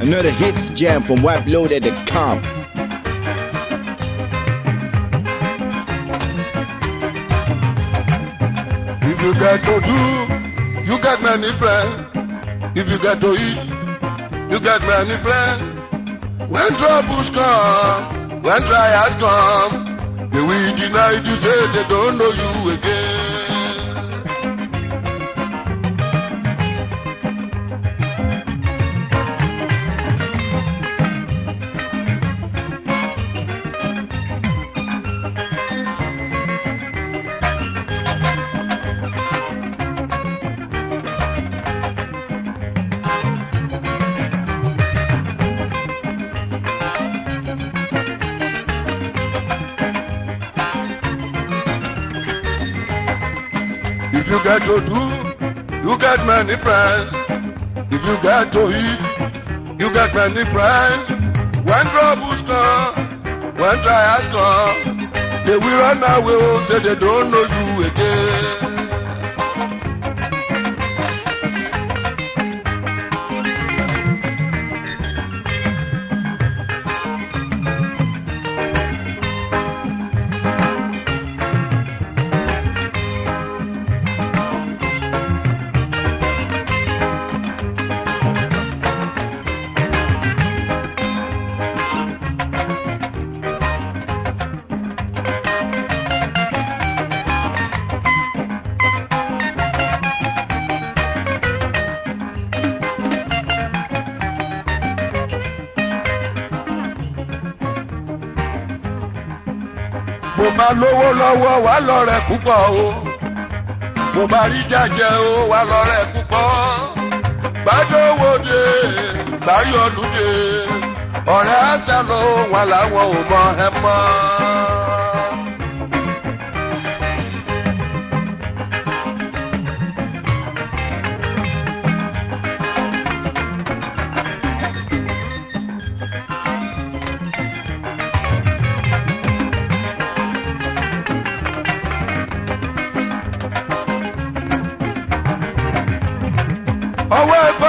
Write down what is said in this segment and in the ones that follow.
Another hits jam from WebLoaded.com. If you got to do, you got many friends. If you got to eat, you got many friends. When troubles come, when trials come, they will deny you, say they don't know you again. you get to do, you get many friends. If you get to eat, you get many friends. When troubles come, when trials come, they will run away, oh, say they don't know you again. máa lówó lọ́wọ́ wà lọ́rẹ̀ púpọ̀ o mo máa rí jàjẹ́ o wà lọ́rẹ̀ púpọ̀ gbàdówóde gbàyọ̀lùdé ọ̀rẹ́ àṣà ló wà láwọn ò mọ ẹ mọ́.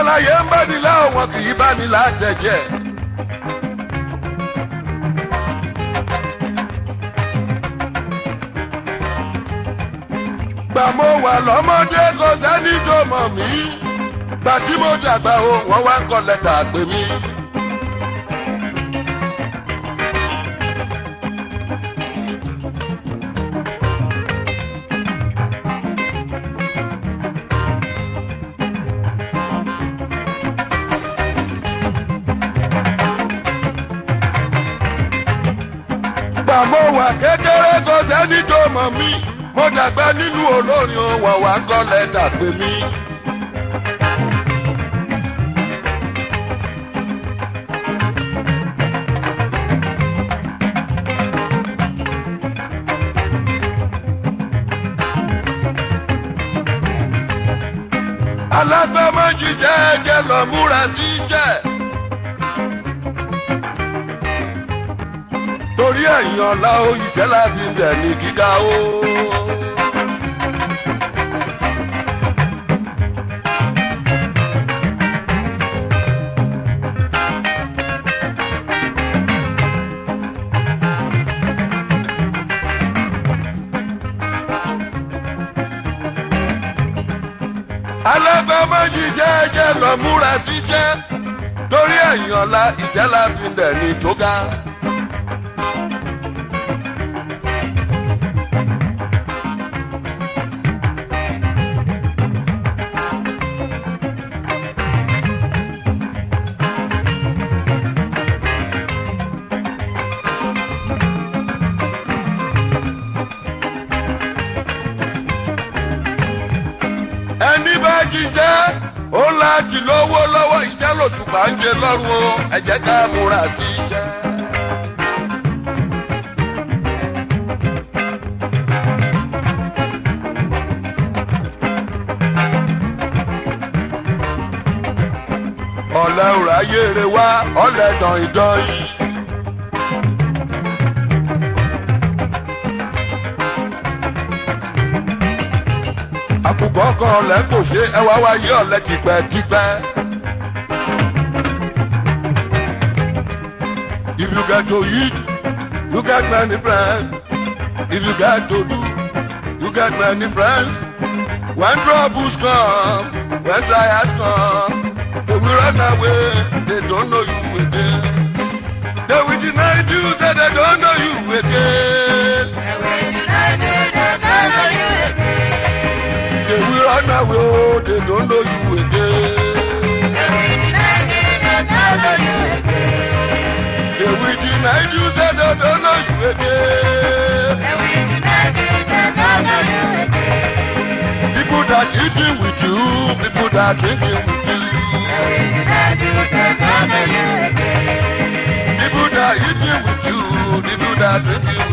aláyé ń bá nílá wọn kì í bá nílá jẹjẹ. gbà mo wà lọ́mọdé kò sẹ́ni mọ̀ mí gbà tí mo dàgbà o wọ́n wá ń kọ́ lẹ́tà pè mí. dàgbà mo wà kékeré kò sẹ́ni tó mọ̀ mí mo dàgbà nínú olórin ọ̀wà wà ń kọ́ lẹ́tà pé mí. alágbàmọ̀ jíjẹ́ jẹ́ lọ́múra sí jẹ́. orí ẹ̀yìn ọ̀la oyè jẹ́lábí bẹ̀ ní gíga o. alábẹ́ méjì jẹ́ẹ́jẹ́ múra sí jẹ́ torí ẹ̀yìn ọ̀la ìjẹ́lábí bẹ̀ ní tó ga. lájì jẹ́ ó lájì lọ́wọ́ lọ́wọ́ ìjẹ́ lòtùpá ń jẹ lọ́rùn o ẹ̀jẹ̀ ká múra sí i jẹ́. ọ̀lẹ́ òráyé rẹ wá ọ̀lẹ́ dàn ìdán yìí. kọ́kọ́ ọ̀lẹ́ kò ṣe ẹwà wa yí ọ̀lẹ́ tipẹ́tipẹ́. If you get to eat, you get many friends. If you get to do, you get many friends. When troubles come, when trials come, they will run away, they don't know you again. They will deny you that they don't they don't know you again. They will deny you that they don't know you again. People that eating with you, people that drinking with you. People that eating with you, people that drinking with you.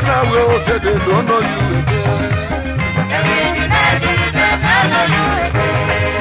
Ghana will say they don't know you again. They will deny you, they don't know you again.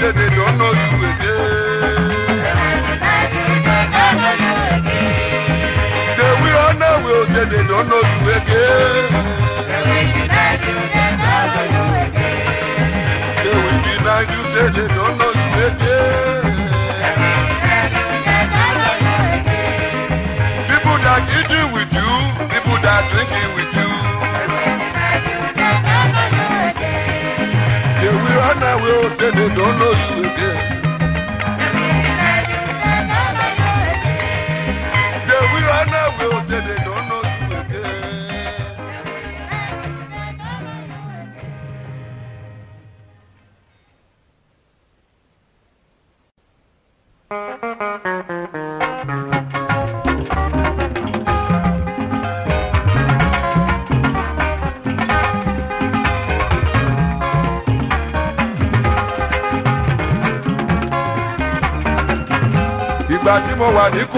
say they don't know you again. They will never say they don't know you again. They will deny you say they don't know you again. People that eating with you. I will tell it don't know again.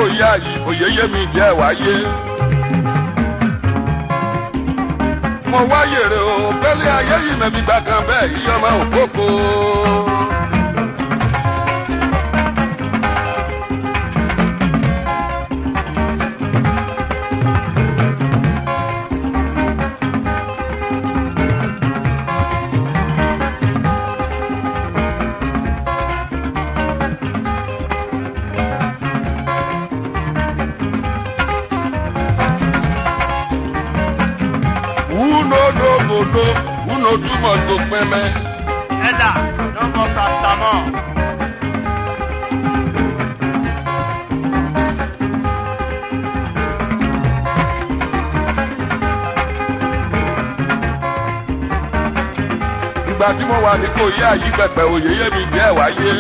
bóyá yìí òyeyè mi díẹ̀ wáyé. mo wáyèrè o pẹ́lẹ́ ayé yìí mẹ́bí gbàgán bẹ́ẹ̀ yíyọ́ máa ò kókó. no no go no uno too much go pẹmẹ. ẹ̀dà no go paracetamol. ìgbà tí mo wà ní kò yé àyí pẹpẹ òye yé mi jẹ́ wáyé.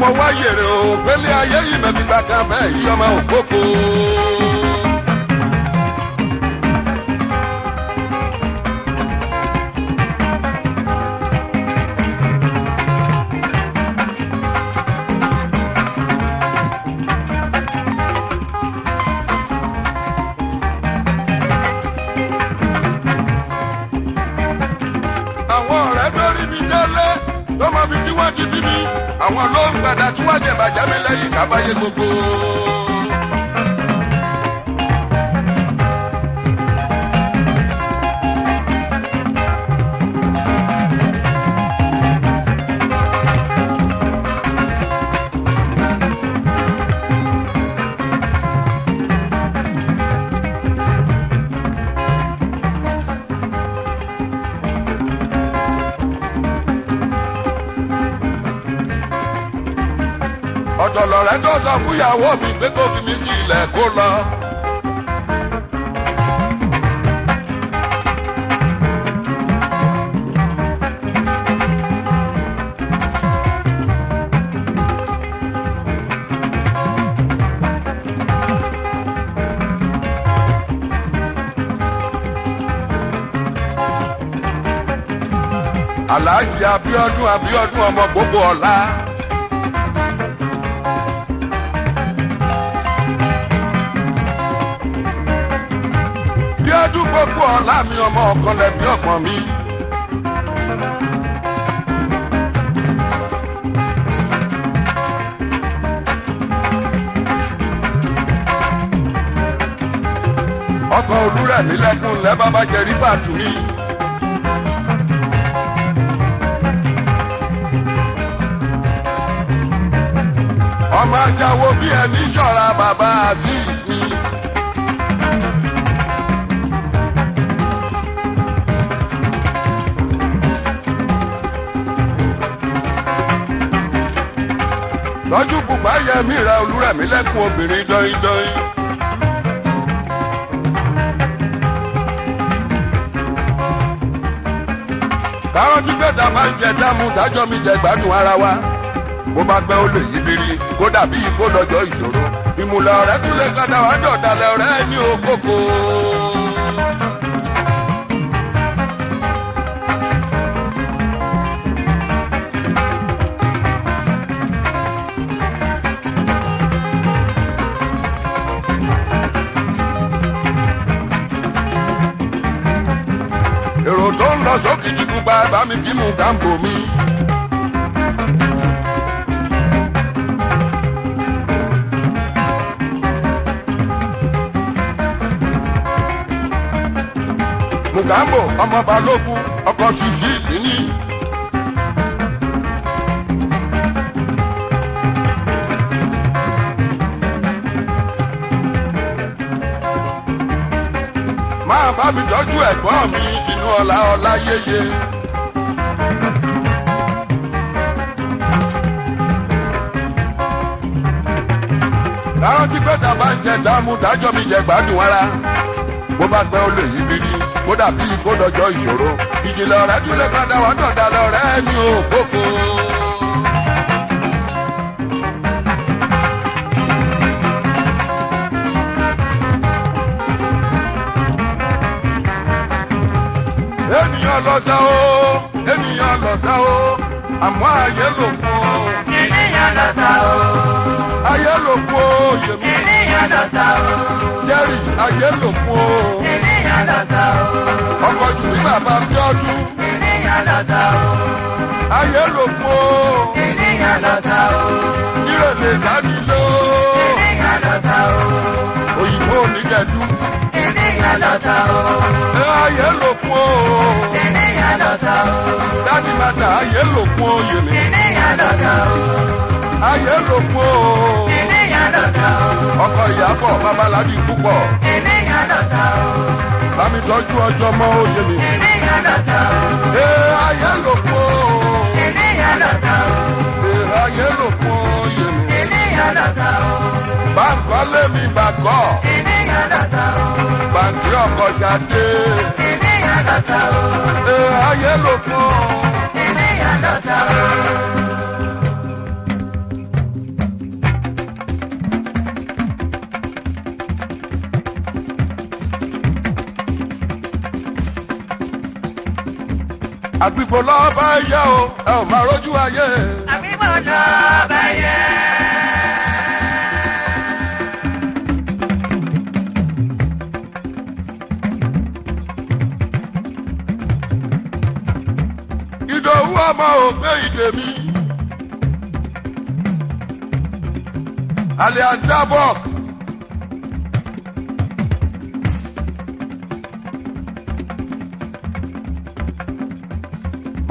mo wá yèrè pélé ayé yìí mẹ́fì gbàgbà bẹ́ẹ̀ yí ọmọ òkókó. ẹ tó sọ fúyàwó mi pé kó fi mí sí ilẹ̀ kó lọ. Alhaji Abiodun Abiodun ọmọ gbogbo ọlá. kú ọ̀la mi ọmọ ọ̀kan lẹ̀bi ọ̀pọ̀n mi. ọkọ̀ olúrẹ̀ nílẹ̀kùn lẹ́ bàbá jẹ rí bàtú mi. ọmọ ajáwo bí ẹni ṣọ́ra bàbá àti. lọ́jú pupa yẹ mí ra olúrẹ̀mí lẹ́kùn obìnrin dọ́yìndọ́yìn. kárọ́jú gbẹ̀dá máa ń jẹ dámú dájọ́ mi jẹ gbádùn ara wa bó bá gbẹ́ ó lè yí biri kó dàbí ìkó lọ́jọ́ ìṣòro ìmùlẹ̀ ọ̀rẹ́ tún lè gbàdá wájọ̀ dalẹ̀ ọ̀rẹ́ ní òkòkò. lọ sókè dìbò bàbá mi bí mo gbà ń bò mí. mugambo ọmọ balógun ọkọ ṣíṣí lẹ́ni. máa bá mi tọ́jú ẹ̀gbọ́n mi kì nínú ọ̀la ọ̀la yeye. láwọn tí pẹ́tà bá ń jẹ dáàmú dájọ́ mi jẹ gbádùn ara bó bá gbẹ́ ó lè yí biri kó dàbí kó dọjọ́ ìṣòro ìjìnlẹ̀ ọ̀rẹ́ tún lè padà wá dọ̀dà lọ́rẹ́ mi ò kókó. lọ́jà o ènìyàn lọ́sà o àmọ́ ayé ló kú o. ènìyàn lọ́sà o. ayé ló kú o yèmí. ènìyàn lọ́sà o. jerry ayé ló kú o. ènìyàn lọ́sà o. ọkọ̀ jù ní bàbá bíọ́dún. ènìyàn lọ́sà o. ayé ló kú o. ènìyàn lọ́sà o. ìrẹ̀lẹ̀ dání ló. ènìyàn lọ́sà o. òyìnbó onígẹ̀dú. ènìyàn lọ́sà o. ayé ló kú o. ènìyàn lọ́sà o dàda o. dádì dàda ayé lòkun oyè mi. ènìyàn dàda o. ayé lòkun o. ènìyàn dàda o. ọkọ ìyàbọ̀ babalábí púpọ̀. ènìyàn dàda o. bámi tọ́jú ọjọ́ mọ́ oyè mi. ènìyàn dàda o. ee ayé lòkun o. ènìyàn dàda o. ee ayé lòkun oyè mi. ènìyàn dàda o. bàǹkọ́ lé mi bàgọ́. ènìyàn o. bàǹkì ọkọ̀ ṣadé. ènìyàn yàtọ̀tọ̀ o. ẹ ayé ló kọ́. kíní yàtọ̀tọ̀ o. àgbìgbò lọ́ọ́ bá yẹ o ẹ ò máa rójú ayé. àgbìgbò lọ́ọ́ bá yẹ. ọmọ òpè ìdè mi. àlè àjábọ̀.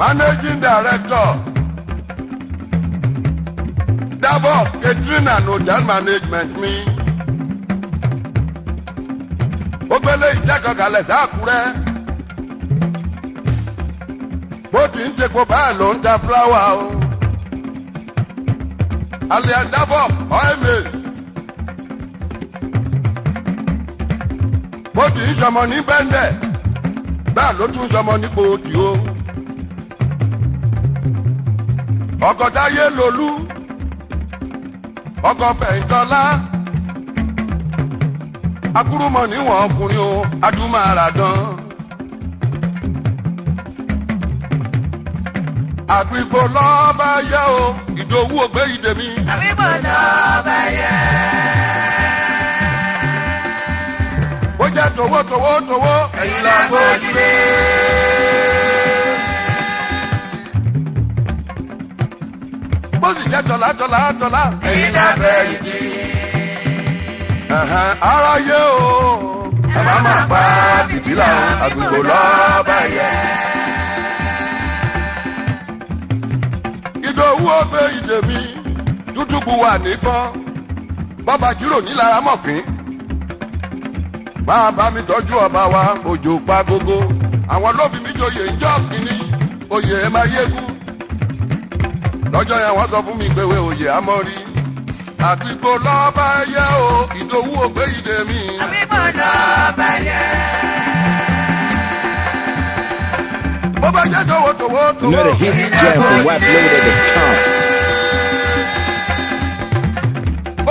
managing director Dabo Katrina and hotel management mi. ó gbélé ìjẹ́kọ̀ọ́ kalẹ̀ sáàkúrẹ́ bóbi ń jẹ gbogbo báyìí ló ń da fúláwà o. alẹ́ àdábọ̀ ọ̀ẹ́mẹ̀. bóbi ń sọmọ ní bẹ́ńdẹ̀ bẹ́ẹ̀ ló tún sọmọ ní gbòòdì o. ọgọ́dá yé lolú ọgọ́ bẹ̀ntọ́lá akúrúmọ̀ níwọ̀n ọkùnrin o adúmọ̀ àràdán. àgbìgbò lọ́ọ́bà yẹ o ìdòwú ògbé ìdè mi. àgbìgbò lọ́ọ́bà yẹ. ó jẹ́ tòwó tòwó tòwó ẹ̀yìn là ń bójú lé. bó sì jẹ́ dọ̀là dọ̀là dọ̀là ẹ̀yìn là ń ara yẹ o àbámọ̀ pa bìbí làwọn àgbìgbò lọ́ọ́bà yẹ. dowó ọbẹ ìdèmí dúdúgbù wà nìkan bàbá jírò nílara mọ̀ pín. bàbá mi tọ́jú ọba wa òjò pa gógó àwọn lóbi mi joyè ń jọ́ kínní oyè ẹ̀ máa yégun. lọ́jọ́ yẹn wọ́n sọ fún mi pé wé oyè amọ́rí àdìgbò lọ́ba ẹyẹ o ìdòwú ògbé ìdèmí. Another hits jam from white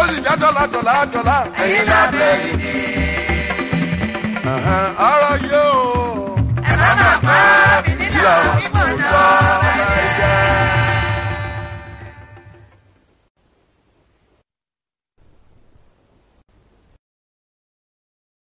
Olùjá dọ́là dọ́là dọ́là. Ẹyin náà bẹ̀ yìí. Ọ̀rọ̀ yóò. Ẹ